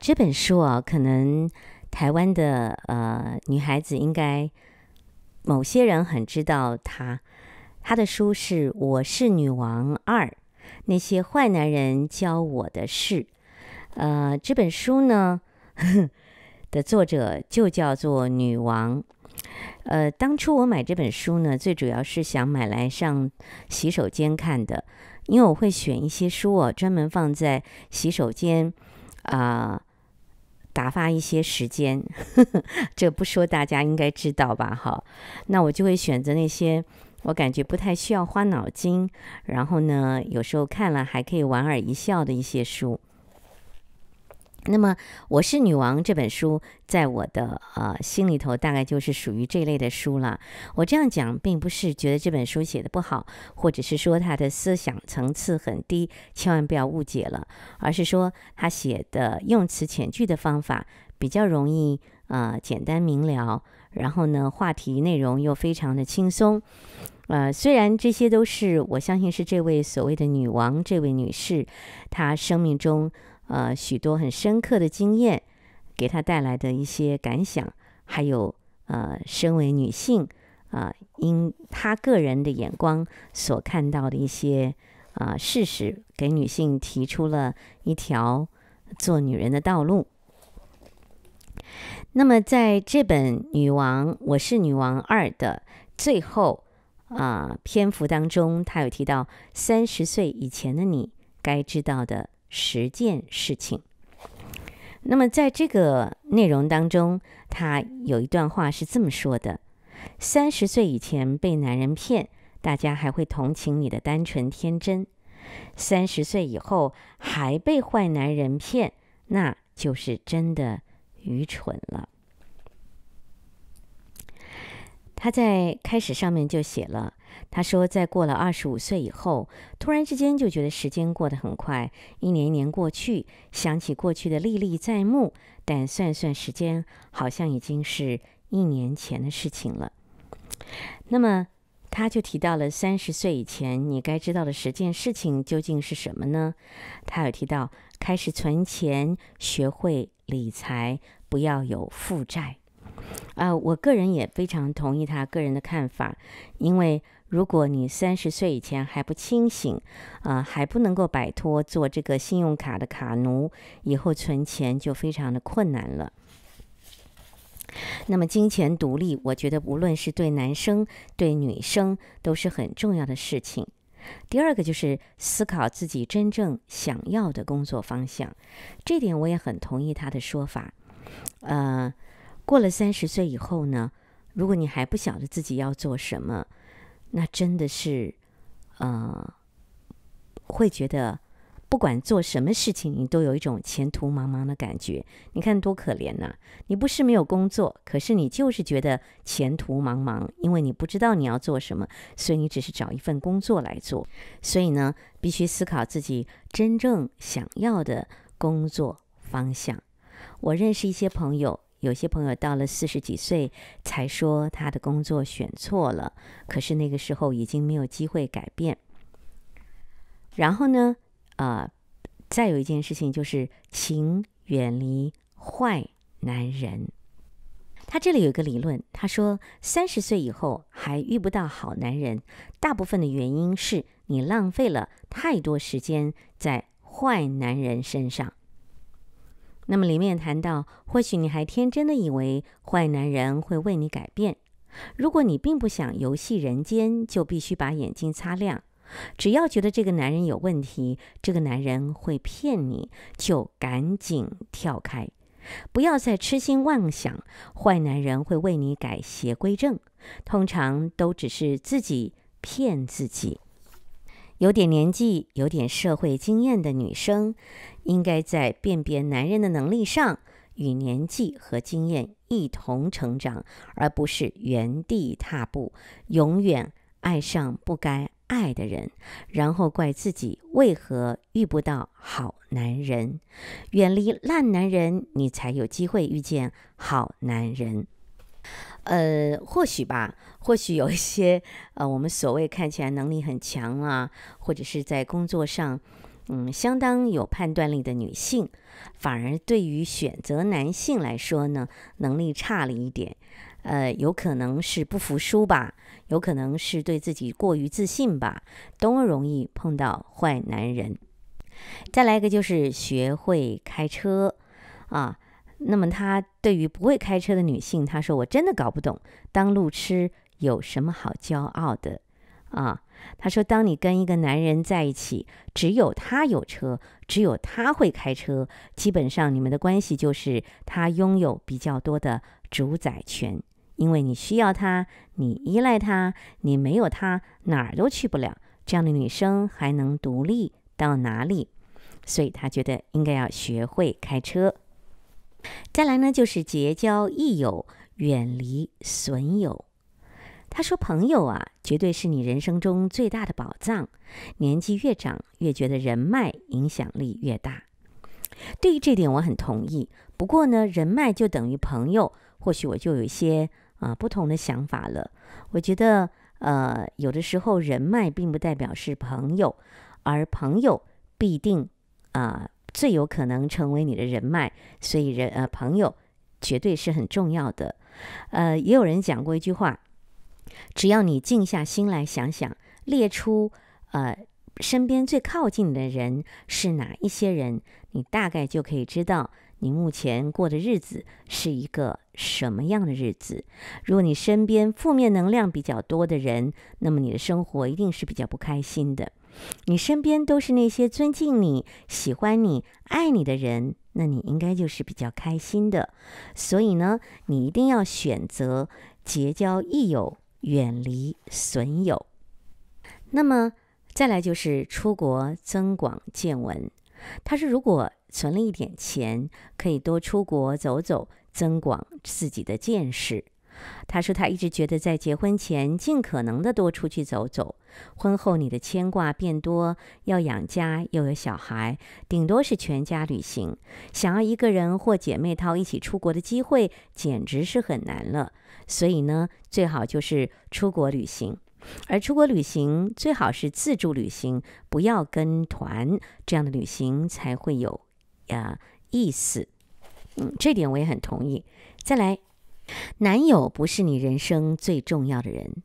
這本書啊，可能台灣的呃女孩子應該某些人很知道她。她的書是《我是女王二》，那些壞男人教我的事。呃，這本書呢呵的作者就叫做女王。呃，當初我買這本書呢，最主要是想買來上洗手間看的，因為我會選一些書啊、哦，專門放在洗手間啊。呃打發一些時間，呵呵，這不說大家應該知道吧？哈，那我就會選擇那些我感覺不太需要花腦筋，然後呢，有時候看了還可以莞爾一笑的一些書。那麼，我是女王這本書，在我的呃心裡頭，大概就是屬於這類的書了。我這樣講，並不是覺得這本書寫得不好，或者是說他的思想層次很低，千萬不要誤解了。而是說，他寫的用詞遣句的方法比較容易，呃，簡單明了。然後呢，話題內容又非常的輕鬆。呃，雖然這些都是我相信是這位所謂的女王，這位女士，她生命中。呃，許多很深刻的經驗，給他帶來的一些感想，還有呃，身為女性啊、呃，因她個人的眼光所看到的一些啊、呃、事實，給女性提出了一條做女人的道路。那麼，在這本《女王我是女王二》的最後啊、呃、篇幅當中，她有提到三十歲以前的你該知道的。十件事情。那麼，在這個內容當中，他有一段話是這麼說的：“三十歲以前被男人騙，大家還會同情你的單純天真；三十歲以後還被壞男人騙，那就是真的愚蠢了。”他在開始上面就寫了。他說，在過了二十五歲以後，突然之間就覺得時間過得很快，一年一年過去，想起過去的歷歷在目，但算算時間，好像已經是一年前的事情了。那麼，他就提到了三十歲以前你該知道的十件事情究竟是什麼呢？他有提到開始存錢，學會理財，不要有負債。啊、呃，我個人也非常同意他個人的看法，因為。如果你三十歲以前還不清醒，啊、呃，還不能夠擺脫做這個信用卡的卡奴，以後存錢就非常的困難了。那麼，金錢獨立，我覺得無論是對男生對女生都是很重要的事情。第二個就是思考自己真正想要的工作方向，這點我也很同意他的說法。呃，過了三十歲以後呢，如果你還不曉得自己要做什麼。那真的是，呃，會覺得不管做什麼事情，你都有一種前途茫茫的感覺。你看多可憐吶！你不是沒有工作，可是你就是覺得前途茫茫，因為你不知道你要做什麼，所以你只是找一份工作來做。所以呢，必須思考自己真正想要的工作方向。我認識一些朋友。有些朋友到了四十幾歲才說他的工作選錯了，可是那個時候已經沒有機會改變。然後呢，呃，再有一件事情就是，請遠離壞男人。他這裡有一個理論，他說三十歲以後還遇不到好男人，大部分的原因是你浪費了太多時間在壞男人身上。那麼裡面談到，或許你還天真的以為壞男人會為你改變。如果你並不想遊戲人間，就必須把眼睛擦亮。只要覺得這個男人有問題，這個男人會騙你，就趕緊跳開，不要再痴心妄想，壞男人會為你改邪歸正。通常都只是自己騙自己。有點年紀、有點社會經驗的女生，應該在辨別男人的能力上與年紀和經驗一同成長，而不是原地踏步，永遠愛上不該愛的人，然後怪自己為何遇不到好男人。遠離爛男人，你才有機會遇見好男人。呃，或許吧，或許有一些呃，我們所謂看起來能力很強啊，或者是在工作上嗯相當有判斷力的女性，反而對於選擇男性來說呢，能力差了一點，呃，有可能是不服輸吧，有可能是對自己過於自信吧，都容易碰到壞男人。再來一個就是學會開車，啊。那麼，她對於不會開車的女性，她說：“我真的搞不懂，當路痴有什麼好驕傲的啊？”她說：“當你跟一個男人在一起，只有他有車，只有他會開車，基本上你們的關係就是他擁有比較多的主宰權，因為你需要他，你依賴他，你沒有他，哪兒都去不了。這樣的女生還能獨立到哪裡？所以她覺得應該要學會開車。”再來呢，就是結交益友，遠離損友。他說：“朋友啊，絕對是你人生中最大的寶藏。年紀越長，越覺得人脈影響力越大。”對於這點，我很同意。不過呢，人脈就等於朋友，或許我就有一些啊、呃、不同的想法了。我覺得，呃，有的時候人脈並不代表是朋友，而朋友必定啊，呃最有可能成為你的人脈，所以人，呃，朋友絕對是很重要的。呃，也有人講過一句話，只要你靜下心來想想，列出呃身邊最靠近你的人是哪一些人，你大概就可以知道你目前過的日子是一個什麼樣的日子。如果你身邊負面能量比較多的人，那麼你的生活一定是比較不開心的。你身邊都是那些尊敬你、喜歡你、愛你的人，那你應該就是比較開心的。所以呢，你一定要選擇結交益友，遠離損友。那麼再來就是出國增廣見聞，他說，如果存了一點錢，可以多出國走走，增廣自己的見識。他說：“他一直覺得在結婚前盡可能的多出去走走，婚後你的牽掛變多，要養家又有小孩，頂多是全家旅行。想要一個人或姐妹淘一起出國的機會，簡直是很難了。所以呢，最好就是出國旅行，而出國旅行最好是自助旅行，不要跟團，這樣的旅行才會有啊意思。嗯，這點我也很同意。再來。”男友不是你人生最重要的人。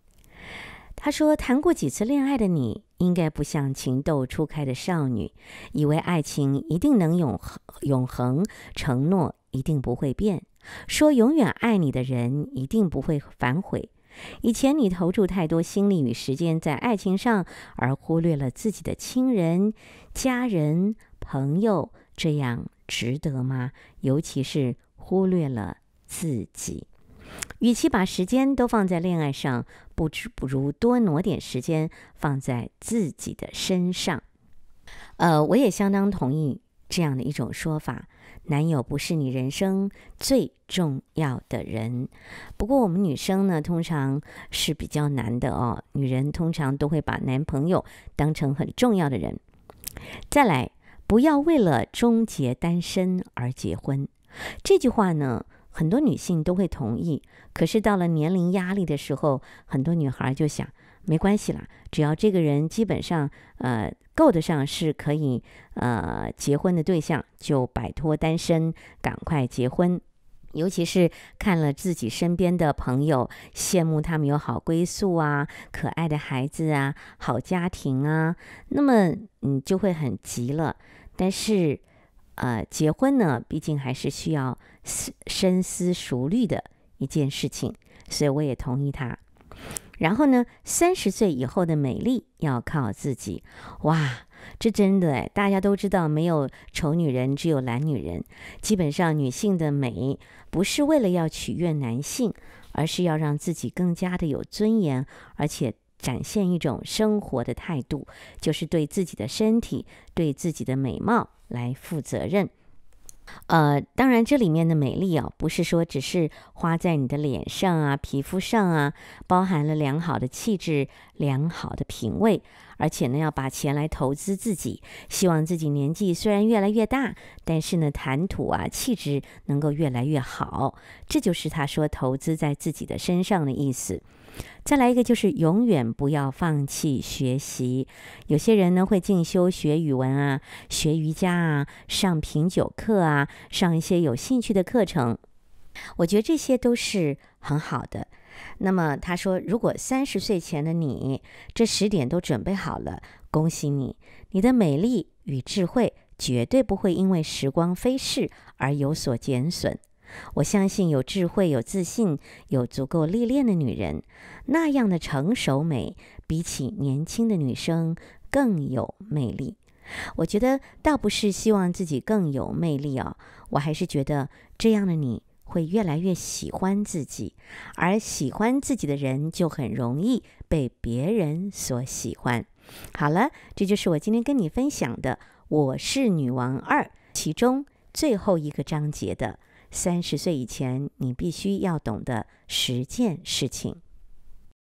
他說：“談過幾次戀愛的你，應該不像情竇初開的少女，以為愛情一定能永恆永恆，承諾一定不會變，說永遠愛你的人一定不會反悔。以前你投注太多心力與時間在愛情上，而忽略了自己的親人、家人、朋友，這樣值得嗎？尤其是忽略了自己。”與其把時間都放在戀愛上，不知不如多挪點時間放在自己的身上。呃，我也相當同意這樣的一種說法，男友不是你人生最重要的人。不過，我們女生呢，通常是比較難的哦。女人通常都會把男朋友當成很重要的人。再來，不要為了終結單身而結婚。這句話呢，很多女性都會同意，可是到了年齡壓力的時候，很多女孩就想，沒關係啦，只要這個人基本上呃夠得上是可以呃結婚的對象，就擺脫單身，趕快結婚。尤其是看了自己身邊的朋友，羨慕他們有好歸宿啊，可愛的孩子啊，好家庭啊，那麼嗯就會很急了。但是，呃，結婚呢，畢竟還是需要。深思熟慮的一件事情，所以我也同意他。然後呢，三十歲以後的美麗要靠自己。哇，這真的、欸、大家都知道，沒有醜女人，只有懶女人。基本上，女性的美不是為了要取悅男性，而是要讓自己更加的有尊嚴，而且展現一種生活的態度，就是對自己的身體、對自己的美貌來負責任。呃，當然，這裡面的美麗哦、啊，不是說只是花在你的臉上啊、皮膚上啊，包含了良好的氣質、良好的品味。而且呢，要把錢來投資自己，希望自己年紀雖然越來越大，但是呢，談吐啊、氣質能夠越來越好。這就是他說投資在自己的身上的意思。再來一個就是永遠不要放棄學習，有些人呢會進修學語文啊、學瑜伽啊、上品酒課啊、上一些有興趣的課程。我覺得這些都是很好的。那麼他說，如果三十歲前的你這十點都準備好了，恭喜你，你的美麗與智慧絕對不會因為時光飛逝而有所減損。我相信有智慧、有自信、有足夠歷練的女人，那樣的成熟美，比起年輕的女生更有魅力。我覺得倒不是希望自己更有魅力哦，我還是覺得這樣的你會越來越喜歡自己，而喜歡自己的人就很容易被別人所喜歡。好了，這就是我今天跟你分享的《我是女王二》其中最後一個章節的三十歲以前你必須要懂的十件事情。